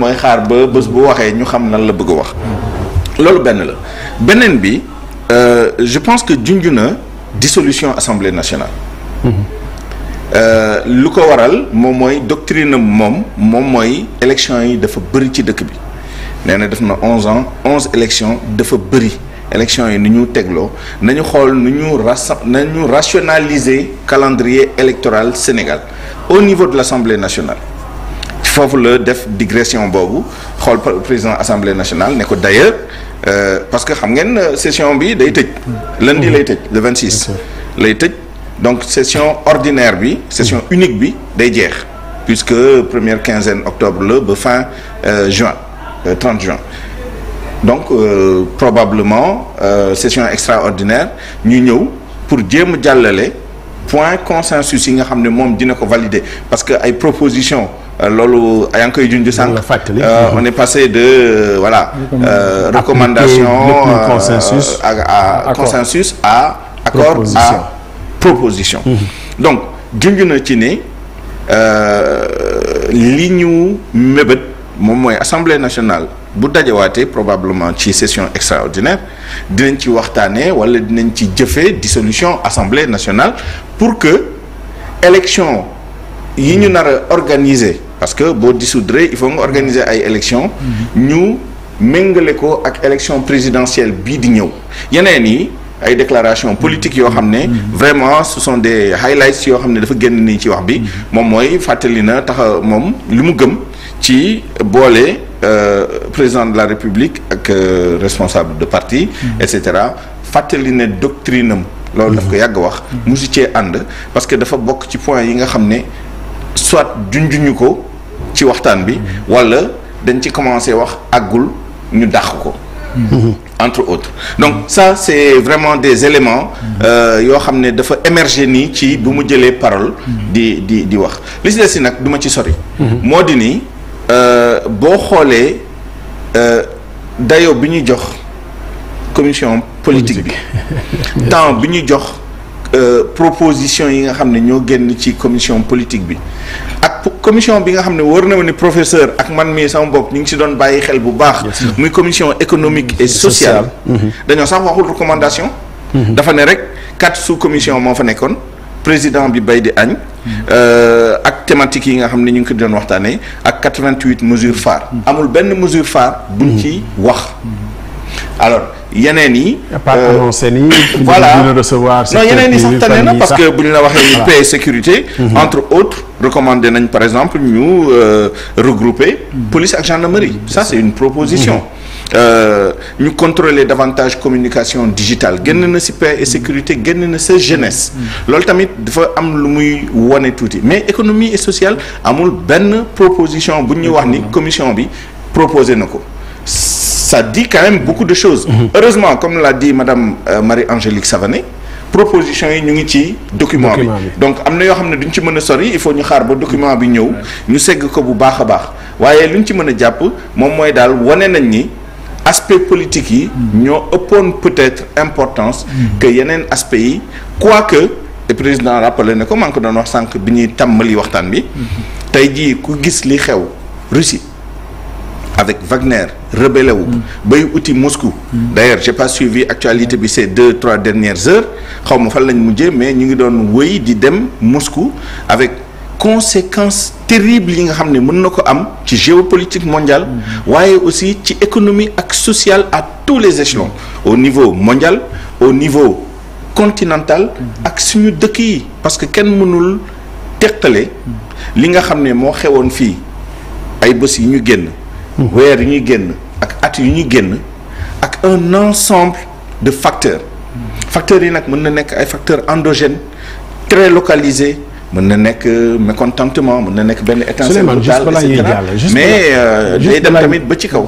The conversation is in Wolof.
mooy xaar ba bés bu waxee ñu xam lan la bëgg wax loolu benn la beneen bi euh, je pense que junj na dissolution assemblée nationale mm-hmm. euh, lu ko waral moom mooy doctrine moom moom mooy élection yi dafa bëri ci dëkk bi nee na def na onze ans onze élections dafa bëri élections yi ni ñu tegloo nañu xool nu ñu rasa nañu rationaliser calendrier électoral Sénégal au niveau de l'Assemblée nationale foofu la def digression boobu xool président assemblée nationale ne ko d'ailleurs euh, parce que xam ngeen euh, session bi day tëj lundi lay tëj le 26 lay tëj donc session ordinaire bi session mm. unique bi day jeex puisque première quinzaine octobre la ba fin euh, juin euh, juin donc euh, probablement euh, session extraordinaire ñu ñëw pour jéem jàllale point consensus yi nga xam ne moom dina ko valider parce que ay proposition Euh, loolu yaa ngi koy junj sànq. Euh, on est passé de euh, voilà. Euh, recommandation consensus à, à, à consensus à accord proposition. à proposition. Mhm. donc junj na ci ne li ñu mébét moom mooy assemblée nationale bu dajawaatee probablement ci session extraordinaire dinañ ci waxtaanee wala dinañ ci jëfee dissolution assemblée nationale pour que élection. yi ñu nar a organiser parce que boo dissoudre il faut nga organiser ay élections ñu méngale ko ak élection présidentielle bii di ñëw yeneen yi ay déclarations politique yoo xam ne vraiment ce sont des highlights yoo xam ne dafa génn nii ci wax bi moom mooy fàttali na tax moom li mu gëm ci boole euh, président de la république ak euh, responsable de parti et cetera fàttali ne doctrine am loolu daf ko yàgg wax musu cee ànd parce que dafa bokk ci point yi nga xam ne soit juñu ko ci waxtaan bi wala dañ ci commencé wax àggul ñu dàq ko mm-hmm. entre autres donc ça c'est vraiment des éléments mm-hmm. euh, yoo xam ne dafa émerger nii ci bu mu jëlee parole mm-hmm. di di di wax li ci des si nag du ma ci sori moo di ni euh, boo xoolee euh, dayo bi ñuy jox commission politique bi temps bi ñu jox Euh, proposition yi nga xam ne ñoo génn ci commission politique bi ak commission bi nga xam ne war na ma ne professeur ak man mii sama bopp ñu ngi si doon bàyyi xel bu baax muy commission économique mm-hmm. et sociale mm-hmm. dañoo sax waxul recommandation mm-hmm. dafa ne rek quatre sous commission moo fa nekkoon président bi bay di añ euh, ak thématiques yi nga xam ne ñu ngi ko doon waxtaanee ak quatre-vingt-huit amul benn mesure phare bu ci wax alors yeneen yi. appartenance euh, yi. voilà ñu recevoir. non yeneen yi sax tane na parce que bu ñu la waxee ñu paix sécurité. Mhm. entre autres recommandé nañ par exemple ñu euh, regrouper. Mhm. police ak gendarmerie. Mhm. ça c'est une proposition. Euh, ñu euh, contrôler davantage communication digitale génn na si paix et sécurité génn na sa jeunesse. loolu tamit dafa am lu muy wone tuuti mais économie et sociale amul benn proposition bu ñuy wax ni commission bi proposé na ko. ça dit quand même beaucoup de choses. Mhm. heureusement comme l'a dit madame euh, Marie-Angélique Savané. proposition yi ñu ngi ci document bi donc am na yoo xam ne duñ ci mën a sori il faut ñu xaar ba document bi ñëw ñu segg ko bu baax a baax waaye ñu ci mën a jàpp moom mooy daal wane nañ ni aspect politique yi mhm. ñoo ëppoon peut-être importance mhm. que yeneen aspect yi quoique que président rappelé ne ko maa ko doon wax sànq bi ñuy tàmbali waxtaan bi tey jii ku gis li xew avec Wagner rebelle wu. Mm. bay uti Moscou. Mm. d' ailleurs j'ai pas suivi actualité bi ces deux trois dernières heures xaw ma fan lañ mujjee mais ñu ngi doon wéy di dem Moscou avec conséquence terribles yi nga xam ne mën na ko am ci géopolitique mondiale. Mm. waaye aussi ci économie ak sociale à tous les échelons. au niveau mondial au niveau continental. ak suñu dëkk yi parce que kenn mënul teqale. li nga xam ne moo xewoon fii ay bés yu ñu génn. weer yi ñuy génn ak at yu ñuy génn ak un ensemble de facteurs facteurs yi nag mën na nekk ay facteurs endogènes très localisés mun na nekk euh, mécontentement mun na nekk benn étincelle totale et cetera mais euh, day dem tamit ba ci kaw